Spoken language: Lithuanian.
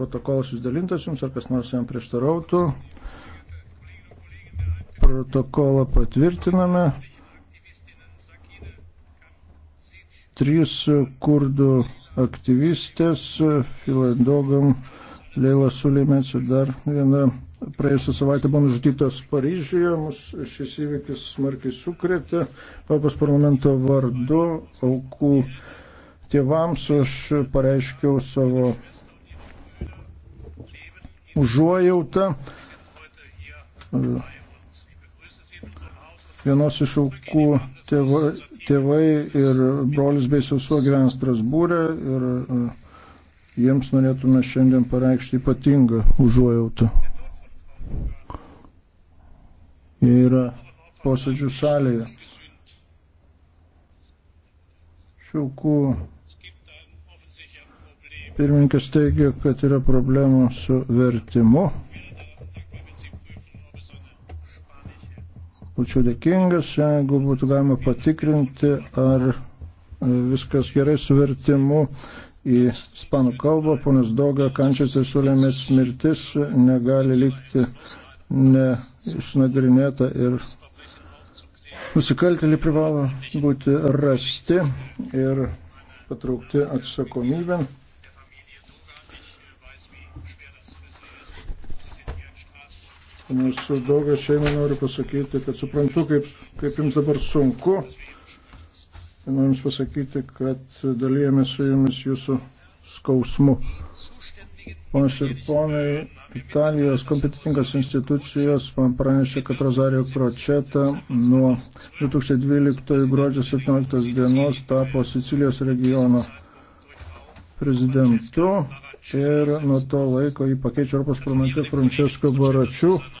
Protokolas išdalintas jums, ar kas nors jam prieštarautų. Protokolą patvirtiname. Trys kurdų aktyvistės, Filandogam, Leila Sulimės ir dar viena praėjusią savaitę buvo nužudytas Paryžiuje, mus šis įvykis smarkiai sukrėtė. Europos parlamento vardu aukų tėvams aš pareiškiau savo užuojautą vienos iš aukų tėvai, tėvai ir brolis bei sesuo gyvena Strasbūrė ir e, jiems norėtume šiandien pareikšti ypatingą užuojautą. Jie yra posėdžių salėje. Šiaukų Pirmininkas teigia, kad yra problemų su vertimu. Būčiau dėkingas, jeigu būtų galima patikrinti, ar viskas gerai su vertimu į spanų kalbą. Ponas Doga, kančias ir sulėmės mirtis negali likti neišnagrinėta ir nusikaltėliai privalo būti rasti ir patraukti atsakomybėn. Nes daugia šeimai noriu pasakyti, kad suprantu, kaip, kaip jums dabar sunku. Noriu jums pasakyti, kad dalyjame su jumis jūsų skausmu. Ponas ir ponai, Italijos kompetitingos institucijos man pranešė, kad Rosario Kročeta nuo 2012 gruodžio 17 dienos tapo Sicilijos regiono prezidentu ir nuo to laiko jį pakeičia Europos parlamente Francesco Baračiu.